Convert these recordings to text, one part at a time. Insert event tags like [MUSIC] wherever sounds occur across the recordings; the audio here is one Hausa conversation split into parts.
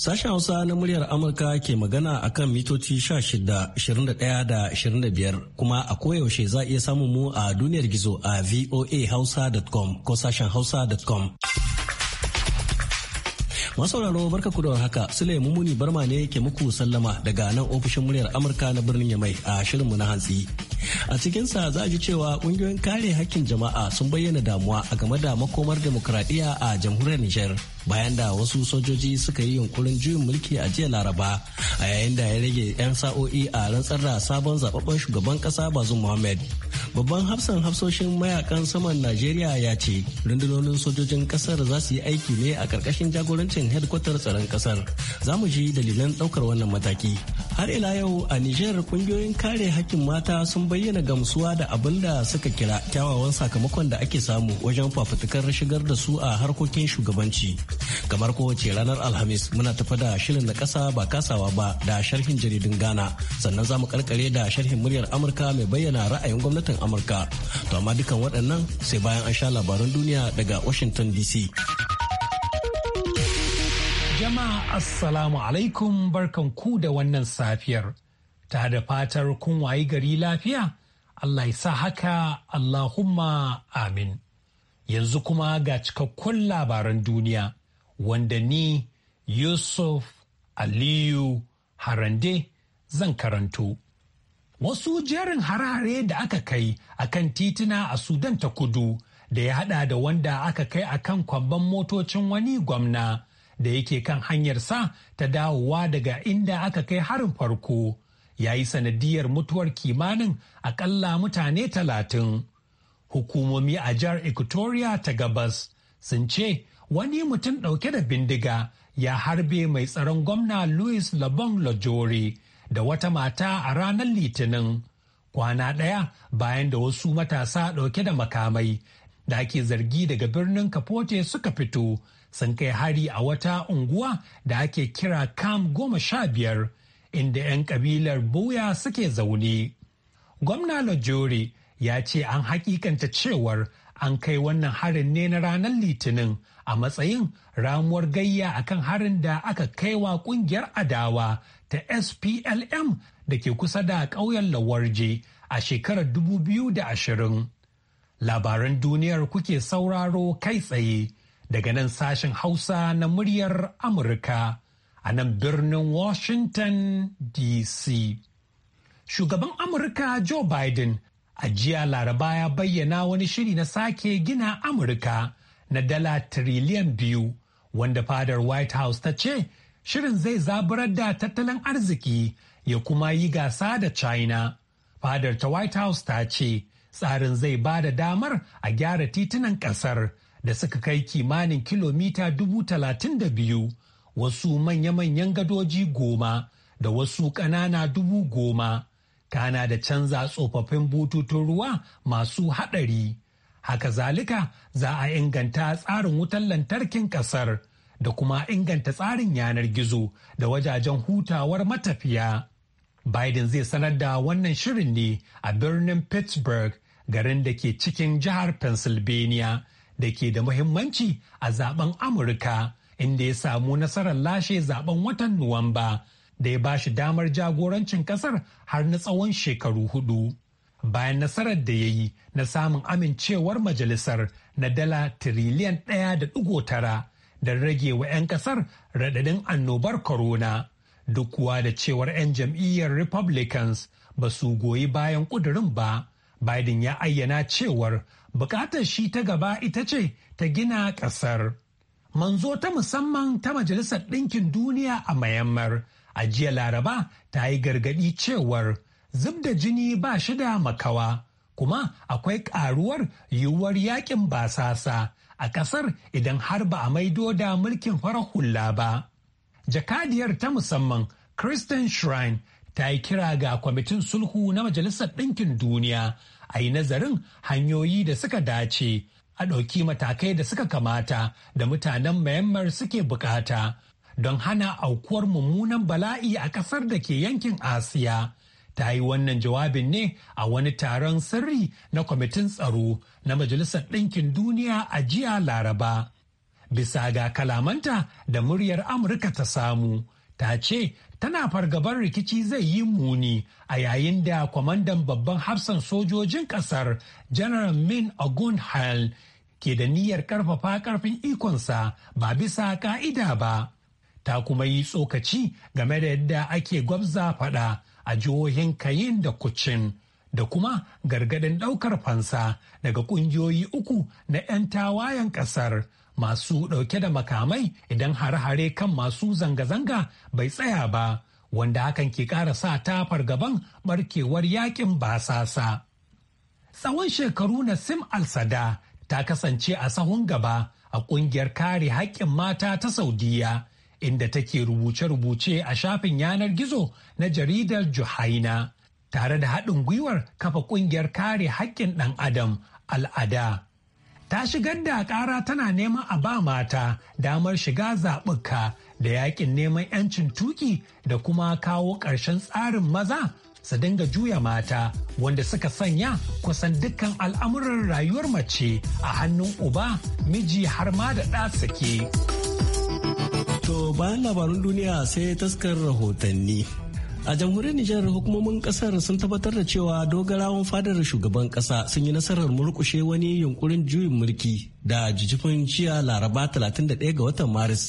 Sashen Hausa na muryar Amurka ke magana a kan mitoci 16, da 25 kuma a koyaushe za iya samun mu a duniyar gizo a voahausa.com ko sashen hausa.com. Masauraro barka ku da haka Sule Mumuni Barma ne ke muku sallama daga nan ofishin muryar Amurka na birnin Yamai a shirinmu na hantsi. a cikinsa za a ji cewa ƙungiyoyin kare hakkin jama'a sun bayyana damuwa a game da makomar demokradiyya a jamhuriyar Nijar. bayan da wasu sojoji suka yi yunkurin juyin mulki a jiya laraba a yayin da ya rage 'yan sa'o'i a rantsar da sabon zababben shugaban kasa Bazu muhammad babban hafsan hafsoshin mayakan saman najeriya ya ce rundunonin sojojin kasar za su yi aiki ne a karkashin jagorancin hedkwatar tsaron kasar za mu ji dalilan daukar wannan mataki har ila yau a nijar kungiyoyin kare hakkin mata sun bayyana gamsuwa da abin da suka kira kyawawan sakamakon da ake samu wajen fafutukar shigar da su a harkokin shugabanci kamar kowace ranar alhamis muna tafa da shirin na kasa ba kasawa ba da sharhin jaridun ghana sannan za mu karkare da sharhin muryar amurka mai bayyana ra'ayin gwamnatin amurka to amma dukan waɗannan sai bayan an sha labaran duniya daga washington dc jama'a assalamu alaikum barkan ku da wannan safiyar ta da fatar kun wayi gari lafiya allah ya sa haka allahumma amin yanzu kuma ga cikakkun labaran duniya wanda ni Yusuf Aliyu Harande zan karanto. Wasu jerin harare da aka kai a kan titina a Sudan ta kudu da ya hada da wanda aka kai a kan kwamban motocin wani gwamna da yake kan hanyarsa ta dawowa daga inda aka kai harin farko ya yi sanadiyar mutuwar kimanin akalla mutane talatin. Hukumomi a jihar Equatoria ta gabas sun ce wani mutum ɗauke da bindiga ya harbe mai tsaron gwamna louis labon lajori da wata mata a ranar litinin kwana ɗaya bayan da wasu matasa ɗauke da makamai da ake zargi daga birnin kapote suka fito sun kai hari a wata unguwa da ake kira kam goma sha biyar inda 'yan ƙabilar boya suke zaune gwamna lajori ya ce an hakikanta cewar an kai wannan harin ne na ranar litinin a matsayin ramuwar gayya akan harin da aka kaiwa kungiyar adawa ta SPLM da ke kusa da ƙauyen Lawarje a shekarar 2020. Labaran duniyar kuke sauraro kai tsaye daga nan sashen Hausa na muryar Amurka a nan birnin Washington DC. Shugaban Amurka Joe Biden A jiya Laraba ya bayyana wani shiri na sake gina Amurka na dala tiriliyan biyu wanda fadar White House ta ce shirin zai zaburar da tattalin arziki ya kuma yi gasa da China. Fadar ta White House ta ce tsarin zai ba da damar a gyara titunan ƙasar da suka kai kimanin kilomita dubu talatin da biyu wasu manya-manyan gadoji goma da wasu ƙanana dubu goma. kana da canza tsofaffin bututun ruwa masu haɗari. Haka zalika za a inganta tsarin wutar lantarkin ƙasar da kuma inganta tsarin yanar gizo da wajajen hutawar matafiya. Biden zai sanar da wannan shirin ne a birnin Pittsburgh garin da ke cikin jihar Pennsylvania da ke da muhimmanci a zaben Amurka inda ya samu nasarar lashe zaben watan Nuwamba da ya ba shi damar jagorancin kasar har na tsawon shekaru hudu. Bayan nasarar da ya yi na samun amincewar majalisar na dala tiriliyan ɗaya da ɗigo tara da rage wa 'yan kasar raɗaɗin annobar corona. Duk kuwa da cewar 'yan jam'iyyar Republicans ba su goyi bayan ƙudurin ba, Biden ya ayyana cewar bukatar shi ta gaba ita ce ta gina ƙasar. Manzo ta musamman ta Majalisar Ɗinkin Duniya a Myanmar a jiya laraba ta yi gargadi cewar zub da jini ba shi da makawa kuma akwai karuwar yiwuwar yakin basasa a kasar idan har ba a maido da mulkin farar hula ba. Jakadiyar ta musamman Kristen Shrine ta yi kira ga kwamitin sulhu na Majalisar Ɗinkin Duniya a yi nazarin hanyoyi da suka dace a ɗauki matakai da suka kamata da mutanen Myanmar suke bukata don hana aukuwar mummunan bala'i a ƙasar da ke yankin Asiya. Ta yi wannan jawabin ne a wani taron sirri na kwamitin tsaro na Majalisar Ɗinkin Duniya a jiya Laraba. Bisa ga kalamanta da muryar Amurka ta samu, ta ce tana fargabar rikici zai yi muni a yayin da kwamandan babban hafsan sojojin kasar general min ogun hal ke da niyyar karfafa karfin ikonsa ba bisa ka'ida ba ta kuma yi tsokaci game da yadda ake gwabza fada a jihohin kayin da kucin da kuma gargadin daukar fansa daga kungiyoyi uku na 'yan tawayen kasar masu dauke da makamai idan hare-hare kan masu zanga-zanga bai tsaya ba wanda hakan ke kara sa ta fargaban barkewar yakin basasa. Tsawon shekaru na Sim Al-Sada ta kasance a sahun gaba a kungiyar kare haƙƙin mata ta Saudiya inda take rubuce-rubuce a shafin yanar gizo na jaridar Juhaina, tare da haɗin gwiwar kafa ƙungiyar kare haƙƙin ɗan adam al'ada. Ta shigar da ƙara tana neman a ba mata damar shiga zaɓuka da yaƙin neman 'yancin tuki da kuma kawo ƙarshen tsarin maza su dinga juya mata wanda suka sanya kusan dukkan al'amuran rayuwar mace a hannun uba miji har ma da ɗa suke. To bayan labarun duniya sai taskar rahotanni. A jamhuriyar Nijar hukumomin kasar sun tabbatar da cewa dogarawan fadar shugaban kasa sun yi nasarar murkushe wani yunkurin juyin mulki da jijifin jiya laraba 31 ga watan Maris.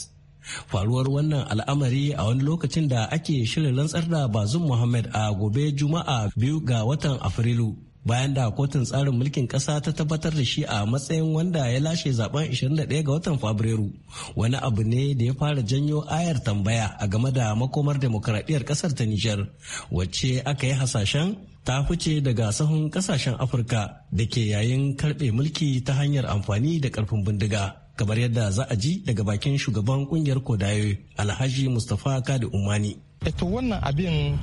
Faruwar wannan al'amari a wani lokacin da ake shirin rantsar da bazum Muhammad a gobe Juma'a biyu ga watan Afrilu. bayan da kotun tsarin mulkin ƙasa ta tabbatar da shi a matsayin wanda ya lashe zaben 21 ga watan fabrairu wani abu ne da ya fara janyo ayar tambaya a game da makomar demokradiyyar ƙasar ta nijar wacce aka yi hasashen ta fice daga sahun kasashen afirka da ke yayin karɓe mulki ta hanyar amfani da karfin bindiga kamar yadda za a ji daga bakin shugaban kungiyar kodayo alhaji mustapha kadi umani. Eh, wannan abin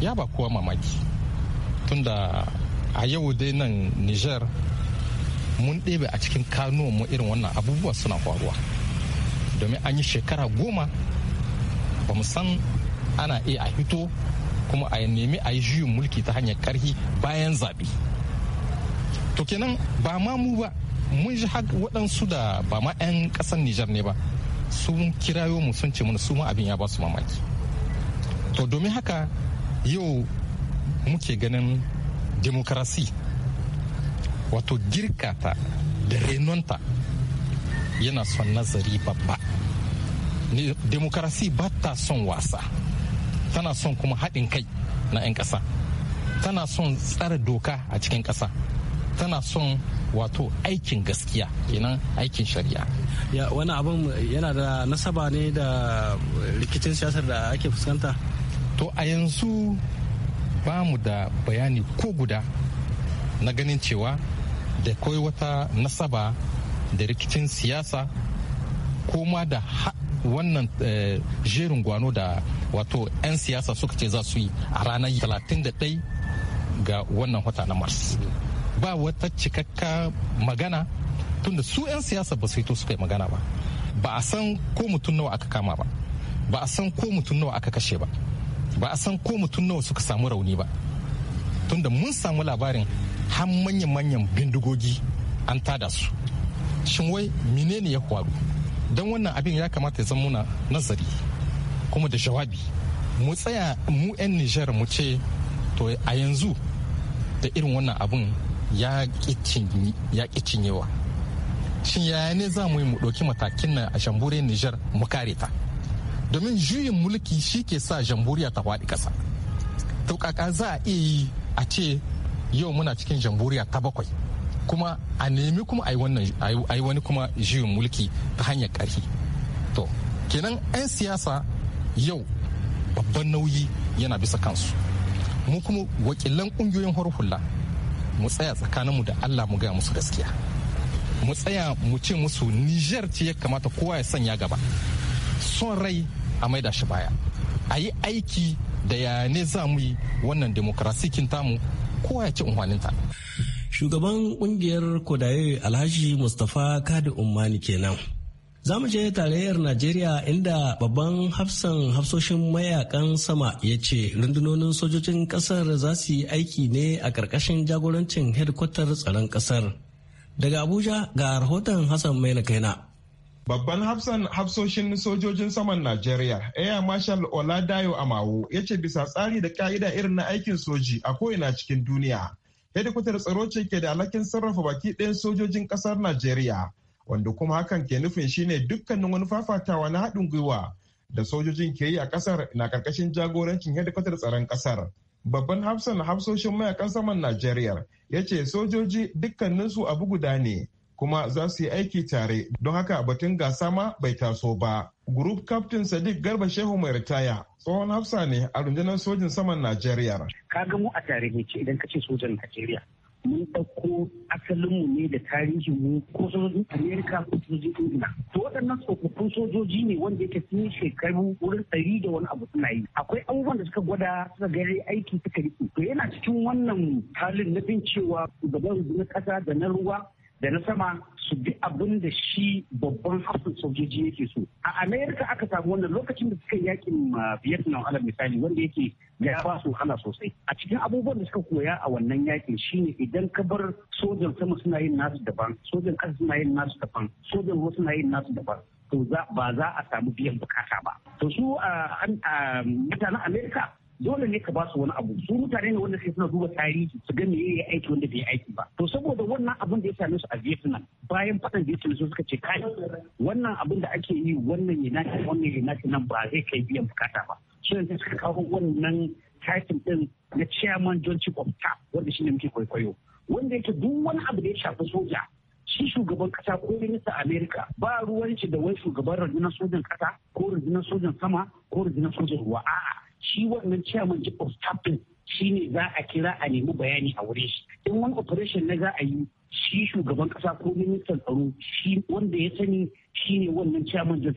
ya ba kowa mamaki tunda a yau dai nan niger mun ɗebe a cikin mu irin wannan abubuwa suna faruwa domin an yi shekara goma ba mu san ana iya a hito kuma a nemi a yi juyin mulki ta hanyar karhi bayan zaɓe to kenan ba ma mu ba mun ji waɗansu da ba ma 'yan ƙasar Niger ne ba sun kirayo mu sun ce mana su ma abin ya ba su mamaki to domin haka yau muke ganin demokrasi wato Girka ta da renonta yana son nazari babba demokrasi ba ta son wasa tana son kuma haɗin kai na 'yan ƙasa tana son tsara doka a cikin ƙasa tana son wato aikin gaskiya kenan aikin shari'a ya wani abin yana da nasaba ne da rikicin siyasar da ake fuskanta to a yanzu ba mu da bayani ko guda na ganin cewa da kawai wata nasaba da rikicin siyasa ko ma da wannan eh, jerin gwano da wato 'yan siyasa suka ce za su yi a ranar 31 ga wannan wata na mars ba wata cikakka magana tunda su 'yan siyasa ba su yi to suka yi magana ba ba a san ko mutum nawa aka kama ba ba a san ko mutum nawa aka kashe ba ba a san ko mutum nawa suka samu rauni ba tunda mun samu labarin har manyan-manyan bindigogi an tada su shin wai menene ya faru don wannan abin ya kamata ya zama muna nazari kuma da jawabi mu tsaya mu 'yan nijar mu ce to a yanzu da irin wannan abin ya kicin cinyewa shin yaya ne za mu yi mu ɗauki matakin na a shambure nijar mu kare ta domin juyin mulki shi ke sa jamhuriya ta faɗi ƙasa to kaka za a iya yi a ce yau muna cikin jamhuriya ta bakwai kuma a nemi kuma a yi wani kuma juyin mulki ta hanyar ƙarfi to kenan 'yan siyasa yau babban nauyi yana bisa kansu mu kuma wakilan ƙungiyoyin hula mu tsaya tsakaninmu da allah mu gaya musu gaskiya mu tsaya mu ce musu Nijar ce ya kamata kowa ya sanya gaba son rai a maida shi baya a yi aiki da ya ne za mu yi wannan demokrasikin tamu kowa ya ci unhwaninta shugaban kungiyar kodaye alhaji mustapha kadi ummani kenan za mu je tarayyar najeriya inda babban hafsan hafsoshin mayakan sama ya ce rundunonin sojojin kasar za su yi aiki ne a ƙarƙashin jagorancin hedkwatar tsaron kasar daga abuja ga rahoton hassan mai na kaina Babban hafsan hafsoshin sojojin saman Najeriya, Air Marshal Oladayo Amawo, ya ce bisa tsari da ka'ida irin na aikin soji a ko'ina cikin duniya. Hedikwatar tsaro ce ke da alhakin sarrafa baki ɗayan sojojin ƙasar Najeriya, wanda kuma hakan ke nufin shine dukkanin wani fafatawa na haɗin gwiwa da sojojin ke yi a ƙasar na ƙarƙashin jagorancin hedikwatar tsaron ƙasar. Babban hafsan hafsoshin mayakan saman Najeriya ya ce sojoji dukkaninsu abu guda ne. kuma za su yi aiki tare don haka batun gasa ma bai taso ba. Group Captain Sadiq Garba Shehu mai ritaya tsohon hafsa ne a rundunar sojin saman Najeriya. Ka ga mu a tare ne ce idan ka ce sojan Najeriya. mun ɗauko asalinmu ne da tarihin mu ko sojojin amerika ko sojojin ingila to waɗannan tsofaffin sojoji ne wanda yake sun shekaru wurin ɗari da wani abu suna yi akwai abubuwan da suka gwada suka gari aiki suka riƙe to yana cikin wannan halin na bin cewa gaban na ƙasa da na ruwa da na sama su bi abin da shi babban hafin sojoji yake so a amerika aka samu wannan lokacin da suka yakin vietnam alal misali wanda yake ya ba su hana sosai a cikin abubuwan da suka koya a wannan yakin shine idan ka bar sojan sama suna yin nasu daban sojan ƙasa suna yin nasu daban sojan ruwa suna yin nasu daban to ba za a samu biyan bukata ba to su a mutanen amerika dole ne ka ba su wani abu su mutane ne wanda suke suna duba tarihi su ga meye ya aiki wanda bai aiki ba to saboda wannan abin da ya same su a Vietnam bayan fadan Vietnam su suka ce kai wannan abin da ake yi wannan yana wannan yana nan ba zai kai biyan bukata ba so yanzu suka kawo wannan titan din na chairman John Chief of Staff wanda ne muke kwaikwayo wanda yake duk wani abu da ya shafi soja shi shugaban kasa ko minista Amerika ba ruwanci da wani shugaban rundunar sojan kasa ko rundunar sojan sama ko rundunar sojan ruwa a'a shi wannan chairman of staff shi ne za a kira a nemi bayani a wurin shi in wani operation na za a yi shi shugaban kasa ko ministan tsaro shi wanda ya sani shi ne wannan chairman of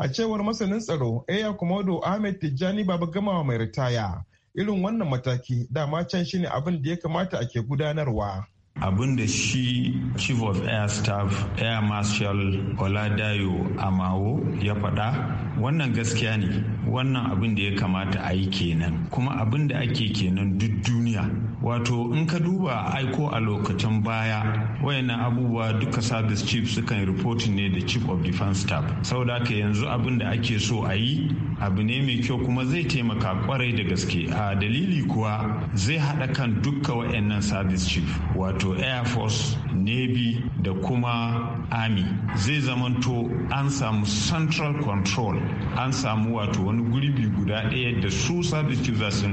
a cewar masanin tsaro Eya Komodo Ahmed Tijjani Baba Gamawa mai ritaya irin wannan mataki dama can shine abin da ya kamata ake gudanarwa da shi chief of air staff air marshal oladayo amawo ya faɗa wannan gaskiya ne wannan abin da ya kamata a yi kenan kuma abin da ake kenan duk duniya wato in ka duba aiko a lokacin baya wayannan abubuwa duka service chief sukan reporting ne da chief of defense staff saboda haka yanzu abin da ake so a yi abu ne mai kyau kuma zai taimaka kwarai da gaske a dalili kuwa zai haɗa kan dukka wayannan service chief wato air force nebi da kuma ami zai zamanto an samu central control an samu wato wani gurbi guda ɗaya da su sabis chief za su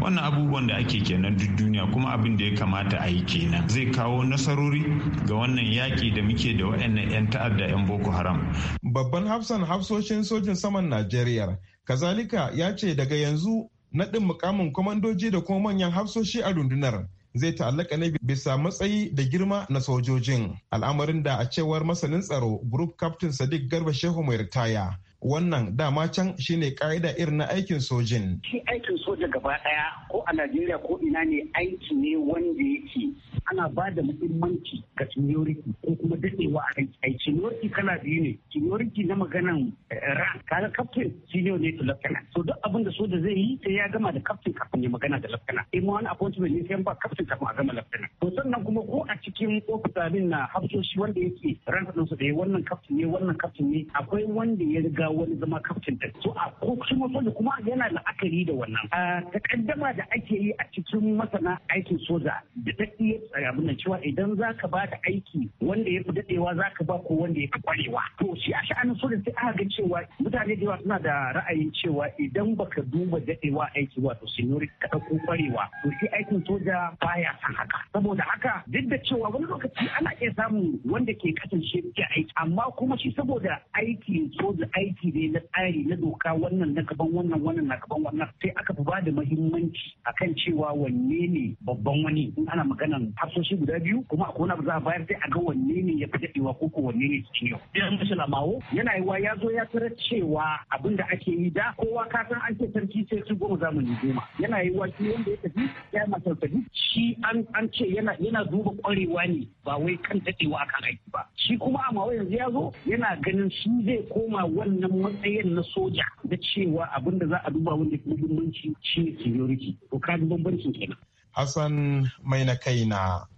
wannan abubuwan da ake kenan duk duniya kuma abin da ya kamata a yi kenan zai kawo nasarori ga wannan yaƙi da muke da wa'annan 'yan ta'adda 'yan boko haram babban hafsan hafsoshin sojin saman najeriya kazalika ya ce daga yanzu naɗin mukamin kwamandoji da kuma manyan hafsoshi a rundunar zai ta'allaka ne bisa matsayi da girma na sojojin al'amarin da a cewar masanin tsaro group captain sadiq garba shehu mai ritaya wannan dama can shine ka'ida irin na aikin sojin. Shi aikin soja gaba ɗaya ko a Najeriya ko ina ne aiki ne wanda yake ana ba da muhimmanci ga seniority ko kuma dadewa a aiki. Seniority kana biyu ne, seniority na maganan eh, ran, kaga captain senior ne to lieutenant. So duk abin da soja zai yi sai ya gama da captain kafin ya magana da lieutenant. In ma wani appointment ne sai ba captain kafin a gama lieutenant. To sannan kuma ko a cikin ofisalin na hafsoshi wanda yake ran ɗinsu da wannan captain ne wannan captain ne akwai wanda ya riga wani zama kaftin ɗin. so a ko kuma soja kuma yana la'akari da wannan a takaddama da ake yi a cikin masana aikin soja da ta iya tsaya nan cewa idan za ka ba da aiki wanda ya fi daɗewa za ka ba ko wanda ya fi kwarewa to shi a sha'anin soja sai aka ga cewa mutane da yawa suna da ra'ayin cewa idan baka duba daɗewa aiki wato seniority ka ɗauko kwarewa to shi aikin soja baya san haka saboda haka duk da cewa wani lokaci ana iya samun wanda ke kasance ke aiki amma kuma shi saboda aiki soja aiki aiki ne na tsari na doka wannan na gaban wannan wannan na gaban wannan sai aka fi bada muhimmanci kan cewa wanne ne babban wani in ana maganan hafsoshi guda biyu kuma a wani abu za a bayar sai a ga wanne ne ya fi daɗewa ko ko wanne ne cikin yau. Idan mashi lamawo yana wa ya zo ya tarar cewa abin da ake yi da kowa ka san an ce sarki sai su goma zamani goma yana yiwa shi wanda ya tafi ya masa tafi shi an ce yana duba kwarewa ne ba wai kan daɗewa akan aiki ba. Shi kuma a amma yanzu ya zo yana ganin shi zai koma wannan wannan matsayin na soja da cewa abin da za a duba wanda ke muhimmanci shine security to ka bambancin kenan Hassan mai na kai na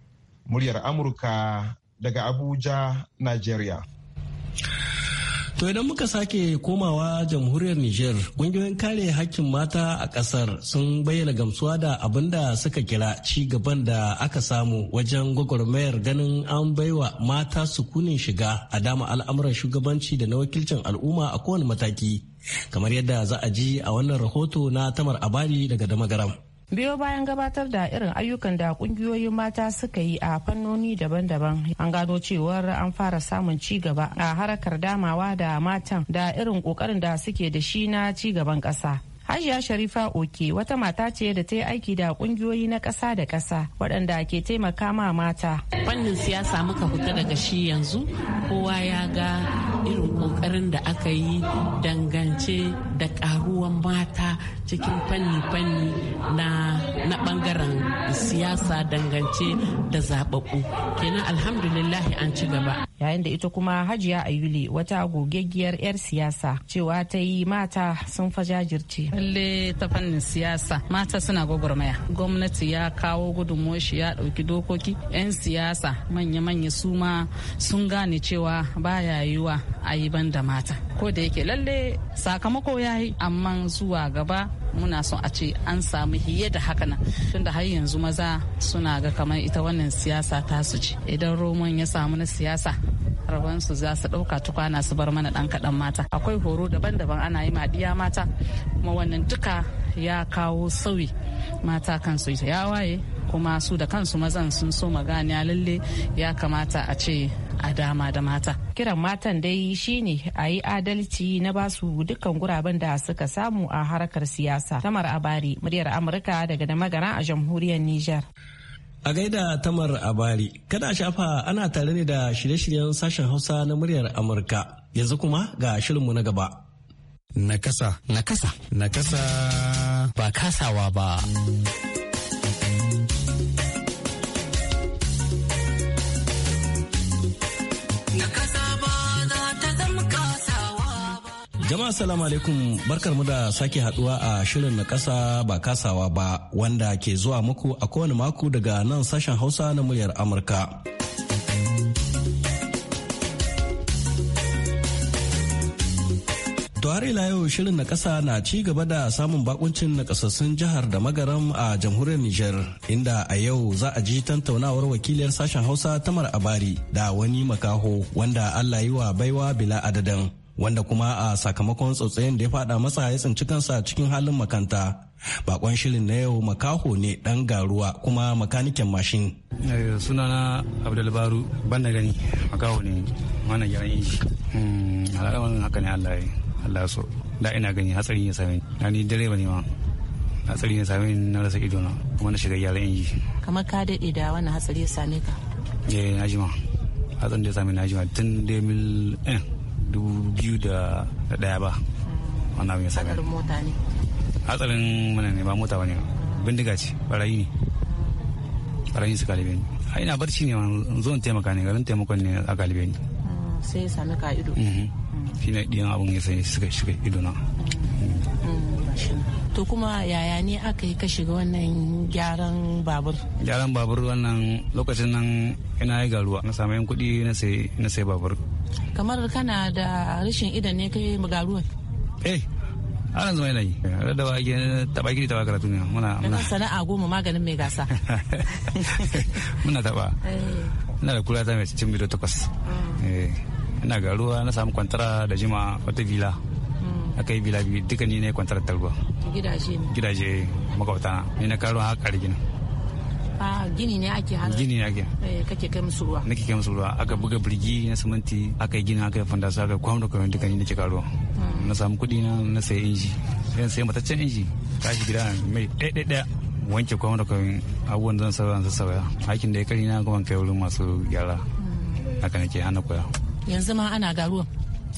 muryar Amurka daga Abuja, Nigeria. To idan muka sake komawa jamhuriyar Nijar, ƙungiyoyin kare hakkin mata a ƙasar sun bayyana gamsuwa da abin da suka kira ci gaban da aka samu wajen gwagwarmayar ganin an baiwa mata sukunin shiga a dama al'amuran shugabanci da na wakilcin al'umma a kowane mataki. Kamar yadda za a ji a wannan rahoto na Tamar Abari daga Damagaram. biyo bayan gabatar da irin ayyukan da kungiyoyin mata suka yi a fannoni daban-daban an gano cewar an fara samun ci gaba a harkar damawa da matan da irin kokarin da suke da shi na ci gaban ƙasa Hajiya Sharifa Oke wata mata ce da ta yi aiki da kungiyoyi na ƙasa da ƙasa waɗanda ke taimaka ma mata. Fannin siyasa muka fita daga shi yanzu kowa ya ga irin ƙoƙarin da aka yi dangance cikin fanni-fanni na na bangaren siyasa dangance da zababbu kenan alhamdulillahi an ci gaba yayin da ita kuma hajiya a yuli wata gogeggiyar 'yar siyasa cewa ta yi mata sun jajirce. lalle ta fannin siyasa mata suna gwagwarmaya gwamnati ya kawo gudunmuwar shi ya ɗauki dokoki 'yan siyasa manya-manya su ma sun gane cewa baya yiwa a yi ban da mata ko da yake lalle sakamako ya yi amma zuwa gaba muna son a ce an samu hiye da haka nan tunda har yanzu maza suna ga kamar ita wannan siyasa ta su ce idan roman ya samu na siyasa rabansu za su ɗauka tukwana su bar mana ɗan kaɗan mata akwai horo daban-daban ana yi ma mata kuma wannan duka ya kawo sauyi mata kansu ya waye kuma su da kansu mazan sun so magana lalle ya kamata a ce a dama da mata. Kiran matan dai shine a yi adalci na basu dukkan guraben da suka samu a harkar siyasa. Tamar Abari, muryar Amurka daga da magana a jamhuriyar Nijar. A gaida Tamar Abari, kada shafa ana tare ne da shirye-shiryen sashen Hausa na muryar Amurka. Yanzu kuma ga shirinmu na gaba. Nakasa. Nakasa. Nakasa. Ba kasawa ba. Jama'a salamu alaikum barkar mu da sake haduwa a shirin na kasa ba kasawa ba wanda ke zuwa muku a kowane mako daga nan sashen Hausa na muryar Amurka. Tuwari yau shirin na ƙasa na ci gaba da samun bakuncin nakasassun jihar da magaram a jamhuriyar Nijar inda a yau za a ji tantaunawar wakiliyar sashen Hausa Tamar Abari da wani makaho wanda Allah yi wa baiwa bila adadan. wanda kuma a sakamakon tsautsayin da ya fada masa ya tsinci kansa cikin halin makanta bakon shirin na yau makaho ne dan garuwa kuma makanikin mashin eh, sunana abdulbaru ban da gani makaho ne mana gyaran inji hmm, alaƙawan haka ne allah ya allah so da ina gani hatsari ya same na ni direba ne ma hatsari ya same na rasa ido na kuma na shiga gyaran inji kamar ka daɗe da wannan hatsari ya same ka eh na jima hatsarin da ya same na jima tun 2000 2001 ba wannan abin ya sami hatsarin mota ne hatsarin mana ne ba mota bane bindiga ce barayi ne barayi su galibin a ina barci ne zo taimaka ne garin taimakon ne a galibin mm, sai ya sami ka ido mhm. mm. shi ne ɗiyan abin ya sai suka shiga ido na shi to kuma yaya ne aka yi ka shiga wannan gyaran babur gyaran babur wannan lokacin nan ina yi garuwa na samu yan kuɗi na sai babur kamar kana da rashin idan ne kai garuwa eh ana zama yanayi da wa ke taba gidi taba karatu ne muna muna sana'a goma maganin mai gasa [LAUGHS] muna taba eh. ina da kula ta mai cin bido takwas mm. eh, ina garuwa na samu kwantara da jima wata vila aka yi bila biyu duka ni ne kwantarar ruwa gidaje ne gidaje makwabta ni na karo haka gina a gini ne ake hana gini ne ake eh, kake kai musu ruwa nake kai musu ruwa aka buga birgi na siminti aka yi gina aka yi fandasa aka kwamna kwamna duka ni nake karo hmm. na samu kuɗi na na sayi inji zan sayi mataccen inji tashi gida mai ɗaya da. wanke kwamna kwamna abubuwan zan sauya zan sauya aikin da ya kari na kuma kai wurin masu gyara hmm. haka nake hana koya yanzu ma ana garuwa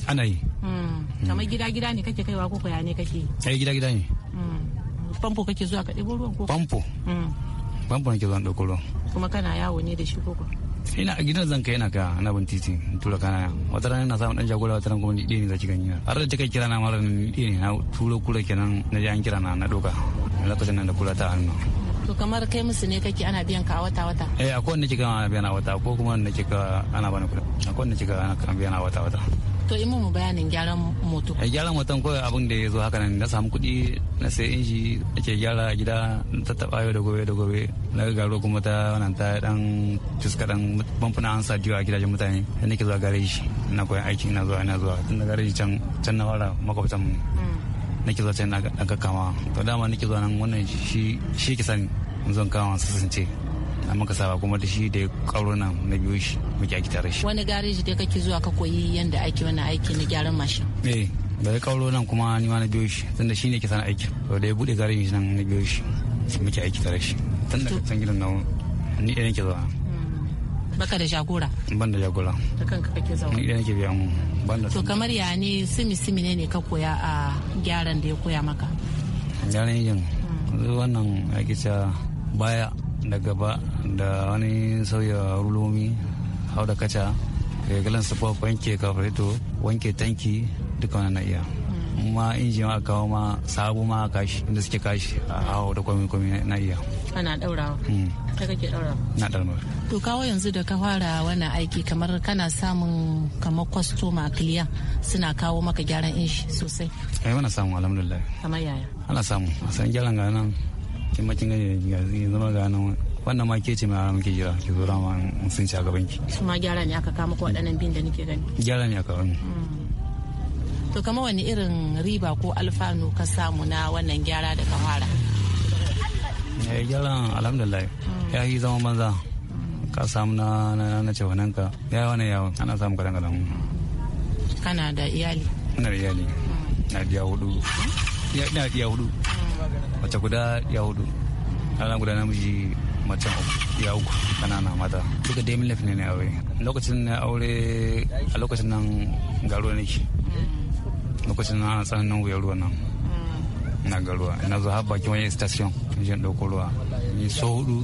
ana yi Mm. kamar gida gida ne kake kaiwa ko ya ne kake eh gida gida ne mm. famfo kake zuwa ka ɗebo ruwan ko famfo mm. famfo ke zuwa ɗauko ruwan kuma kana yawo ne da shi ko ko ina gidan zan kai na ka na bin titi in tura kana wata rana na samun dan jagora wata rana kuma ni ne ki gani har da take kira na mara ni ne na turo kura kenan na ji an kira na na doka lokacin nan da kura ta hannu to kamar kai musu ne kake ana biyan ka wata wata eh akwai wanda kika ana biyan a wata ko kuma wanda kika ana bani kuɗi akwai wanda kika ana biyan wata wata to yi mu bayanin gyaran moto a eh, gyaran moton kawai abin da ya zo haka nan na samu kuɗi na sai inji ake gyara a gida na tattaɓa yau da gobe da gobe na garo kuma ta wannan ta dan fuska dan bamfuna an sa a gidajen mutane da nake zuwa gareji na koyan aiki na zuwa na zuwa tun da gareji can can na fara makwabtan mu mm. nake zuwa can na kakkama to dama nake zuwa nan wannan shi shi ke sani zan kama sun ce a muka saba kuma da shi da kauro nan na biyu shi muke aiki tare shi wani gareji dai kake zuwa ka koyi yadda ake wani aiki na gyaran mashin eh da ya kauro nan kuma ni ma na biyo shi da shi ne ke sana aiki to da ya bude gareji nan na biyo shi muke aiki tare shi tun da kan gidan nan ni ɗaya ke zuwa hmm. baka da jagora ban da jagora da kanka kake zaune ni da ke biya mu ban da to kamar ya ne simi simi ne ne ka koya a gyaran da ya koya maka gyaran yin hmm. wannan aiki baya da gaba da wani sauya rulomi hau da kaca galan support wanke kafarito wanke tanki duka wani na iya ma injin a kawo ma sabu ma kashi inda suke kashi a hau da kwami kwami na iya ana daurawa ta na daurawa to kawo yanzu da ka fara wannan aiki kamar kana samun kamar kwastoma kiliya suna kawo maka gyaran inshi sosai ai eh, mana samu alhamdulillah kamar yaya ana samu a san gyaran ga nan kin ma kin ga zama ga nan wannan ma ke ce mai muke jira ki zo rama sun ci a gaban ki su ma gyara ne aka kama ko waɗannan bin da nake gani gyara ne aka wani mm. to kama wani irin riba ko alfanu ka samu na wannan gyara da ka fara ya eh, gyara alhamdulillah mm. ya yi zama banza ka samu na na ce wannan ka ya yi wani yawon ana samu kadan kadan kana da iyali ina da iyali mm. na hudu ina da biya hudu wacce guda ya hudu ana guda namiji macen ya uku kanana mata duka dai milif ne na aure lokacin na aure a lokacin nan garuwa nake lokacin nan ana tsananin wuyar ruwa nan na garuwa na zo har bakin wani station jin ɗauko ruwa ni so hudu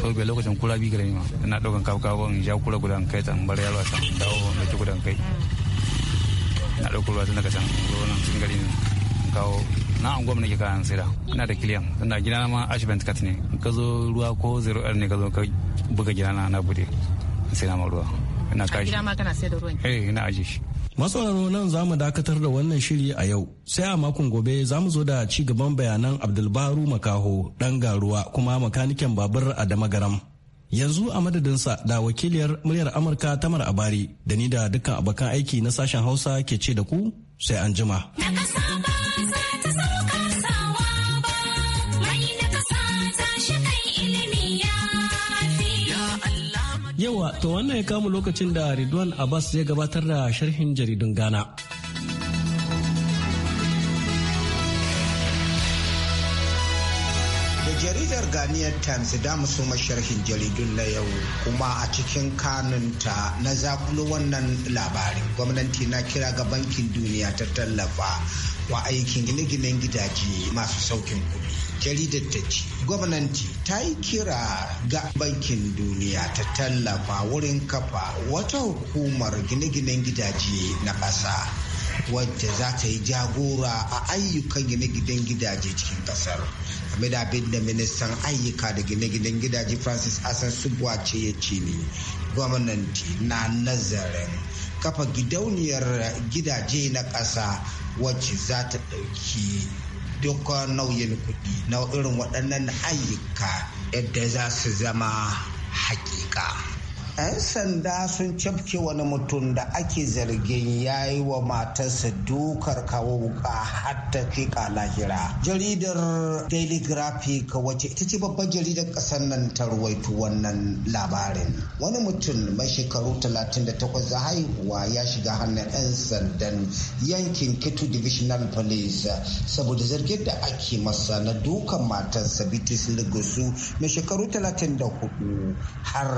sau biyar lokacin kura bi gare ma ina ɗaukan kawo kawo in ja kura guda kai ta bar yaro san dawo da ke gudan kai na ɗauko ruwa tun daga can ruwa nan cikin gari ne kawo na an gwamna ke kayan saida ina da kiliyan tunda gidana ma ashbent kat ne ka zo ruwa ko zero ne ka zo ka buga gidana na bude sai na ma ruwa ina kashi gida ma kana sai da ruwan eh ina aje shi masauraro nan za mu dakatar da wannan shiri a yau sai a makon gobe za mu zo da ci gaban bayanan abdulbaru makaho dan garuwa kuma makaniken babur a garam. yanzu a madadinsa da wakiliyar muryar amurka tamar abari da ni da dukkan abokan aiki na sashen hausa ke ce da ku sai an jima. to wannan ya kama lokacin da Ridwan Abbas zai gabatar da sharhin jaridun Ghana. jaridar Ghanaian Times da musu sharhin jaridun na yau kuma a cikin kanunta na zakulo wannan labarin gwamnati na kira ga bankin duniya ta tallafa wa aikin gine-ginen gidaje masu saukin kuɗi jaridar ta ce gwamnati ta yi kira ga bankin duniya ta tallafa wurin kafa wata hukumar gine-ginen gidaje na ƙasa wadda za ta yi jagora a ayyukan gine-ginen gidaje cikin ƙasar game da abin da ministan ayyuka da gine-ginen gidaje francis asan subwa ce ya ce ne gwamnati na nazarin kafa gidauniyar gidaje na ƙasa wacce za ta ɗauki duka nauyin kuɗi na irin waɗannan ayyuka yadda za su zama hakika. 'yan sanda sun cafke wani mutum da ake zargin ya yi wa matarsa dukar kawo wuka har ta kai lahira jaridar daily graphic wacce ita ce babbar jaridar kasar nan ta ruwaito wannan labarin wani mutum mai shekaru 38 za haihuwa ya shiga hannun 'yan sandan yankin kitu divisional police saboda zargin da ake masa na dukan matarsa bitis lagosu mai shekaru 34 har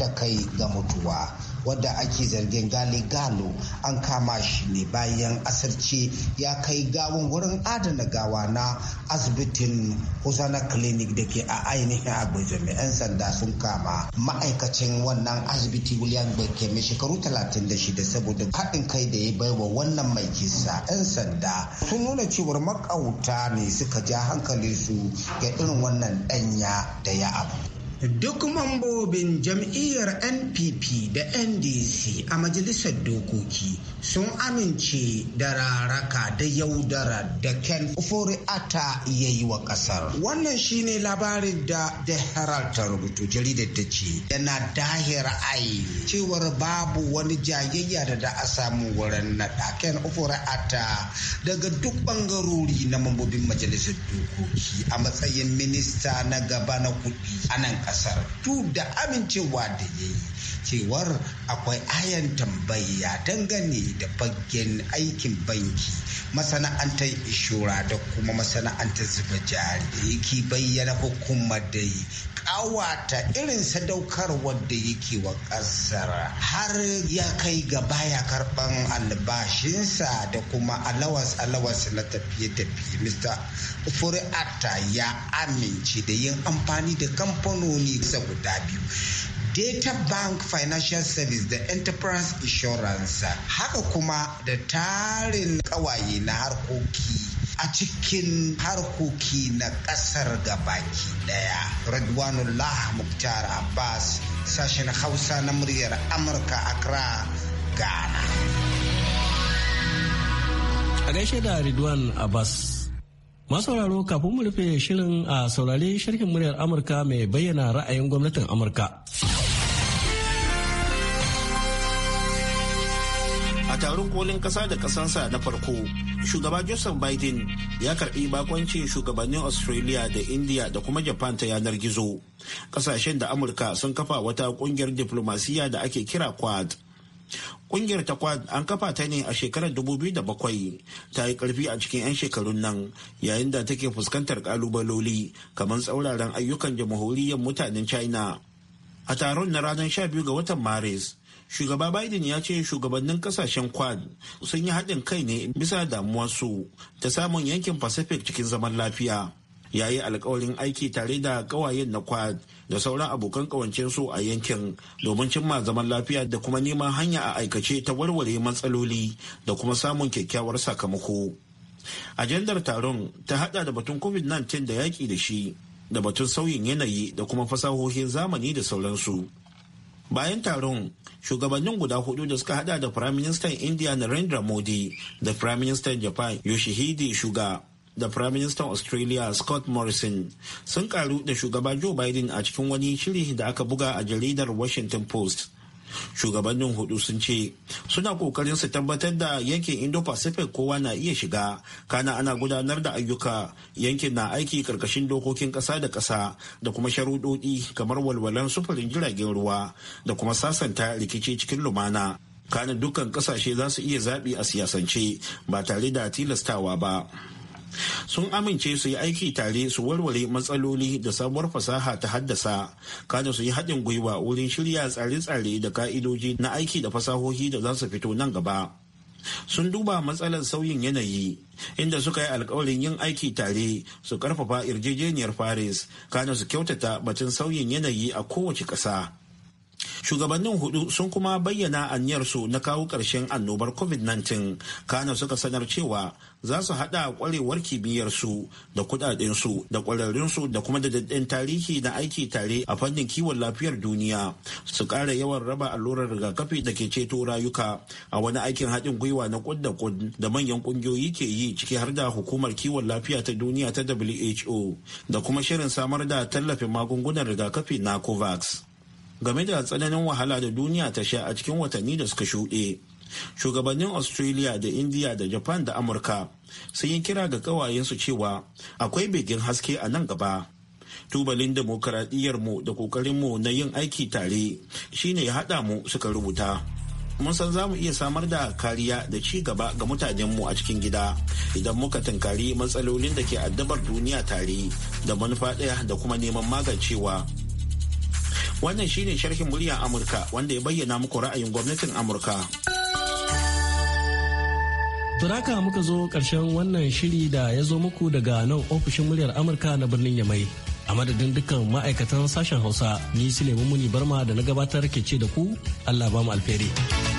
ta kai ga mutuwa wadda ake zargin gali galo an kama shi ne bayan asirce ya kai gawon wurin adana gawa na asibitin husana clinic da ke a ainihin mai 'yan sanda sun kama ma'aikacin wannan asibiti william gbeke mai shekaru 36 saboda haɗin kai da ya baiwa wannan mai kisa 'yan sanda sun nuna cewar makauta ne suka ja hankali su ga irin wannan ɗanya da ya abu duk mambobin jam'iyyar npp da ndc a majalisar dokoki sun amince da raraka da yaudara da ken ata ya yi wa kasar wannan shine labarin da the herald ta rubuto jaridar ta ce yana dahir ai cewar babu wani jayayya da da a samu wurin naɗa ken ata daga duk bangarori na mambobin majalisar dokoki a matsayin minista na gaba na kudi. a nan kasar tu da amincewa da ya yi cewar akwai ayan tambaya dangane da fagen aikin banki masana'antar inshora da kuma masana'antar zuba jari da yake bayyana hukumar da yi kawata irin sadaukarwar da yake wa kasar har ya kai ga baya karban albashinsa da kuma alawas alawas na tafiye-tafiye mr furi'ata ya amince da yin amfani da kamfanoni guda biyu data bank financial service da enterprise insurance haka kuma da tarin kawaye na harkoki a cikin harkoki na kasar gabaki daya. Radwanullah Muktar Abbas sashen Hausa na muryar Amurka Accra, Ghana. A gaishe da Ridwan Abbas. Masauraro kafin mu rufe shirin a saurare sharhin muryar Amurka mai bayyana ra'ayin gwamnatin Amurka. taron kolin kasa da kasansa na farko shugaba joseph biden ya karbi bakoncin shugabannin australia da india da kuma japan ta yanar gizo kasashen da amurka sun kafa wata kungiyar diplomasiya da ake kira quad Kungiyar ta kwad an kafa ta ne a shekarar 2007 ta yi karfi a cikin 'yan shekarun nan yayin da take fuskantar kalubaloli kamar tsauraran ayyukan jamhuriyar mutanen China. A taron na ranar 12 ga watan Maris, shugaba biden ya ce shugabannin kasashen kwad sun yi haɗin kai ne bisa su ta samun yankin pacific cikin zaman lafiya ya yi alkawarin aiki tare da kawayen na kwad da sauran abokan kawancensu a yankin domin cimma zaman lafiya da kuma neman hanya a aikace ta warware matsaloli da kuma samun kyakkyawar sakamako ajandar taron ta hada da batun covid-19 da yaki da shi da batun sauyin yanayi da kuma fasahohin zamani da sauransu bayan taron shugabannin guda hudu da suka hada da firaministan india narendra modi da firaministan japan yoshihide shuga da firaministan australia scott morrison sun karu da shugaba joe biden a cikin wani shiri da aka buga a jaridar washington post shugabannin hudu sun ce suna kokarin su tabbatar da yankin indo-pacific kowa na iya shiga kana ana gudanar da ayyuka yankin na aiki karkashin dokokin kasa da kasa da kuma sharuɗoɗi kamar walwalan sufurin jiragen ruwa da kuma sasanta rikici cikin lumana kana dukkan kasashe za su iya zaɓi a siyasance ba tare da tilastawa ba sun amince su yi aiki tare su warware matsaloli da sabuwar fasaha ta haddasa kada su yi haɗin gwiwa wurin shirya tsare-tsare da ka'idoji na aiki da fasahohi da za su fito nan gaba sun duba matsalar sauyin yanayi inda suka yi alkawarin yin aiki tare su karfafa yarjejeniyar paris kada su kyautata batun sauyin yanayi a kowace ƙasa. shugabannin hudu sun kuma bayyana aniyarsu na kawo ƙarshen annobar covid-19 kana suka sanar cewa za su hada kwarewar kimiyyarsu da kuɗaɗensu da ƙwararrunsu da kuma da tarihi na aiki tare a fannin kiwon lafiyar duniya su ƙara yawan raba allurar rigakafi da ke ceto rayuka a wani aikin haɗin gwiwa na kud da kud da manyan ƙungiyoyi ke yi ciki har da hukumar kiwon lafiya ta duniya ta who da kuma shirin samar da tallafin magungunan rigakafi na covax game da tsananin wahala da duniya ta sha a cikin watanni da suka shuɗe shugabannin australia da india da japan da amurka sun yi kira ga kawayensu cewa akwai begin haske a nan gaba tubalin mu da mu na yin aiki tare shine ya haɗa mu suka rubuta mun san za mu iya samar da kariya da ci gaba ga mutanenmu a cikin gida idan muka tunkari matsalolin da ke addabar duniya tare da manufa ɗaya da kuma neman magancewa Wannan shine sharhin murya Amurka wanda ya bayyana muku ra'ayin gwamnatin Amurka. Turaka muka zo ƙarshen wannan shiri da ya zo muku daga nan ofishin muryar Amurka na birnin Yamai. a madadin dukkan ma'aikatan sashen hausa ni su muni barma da na gabatar ke ce da ku allah ba mu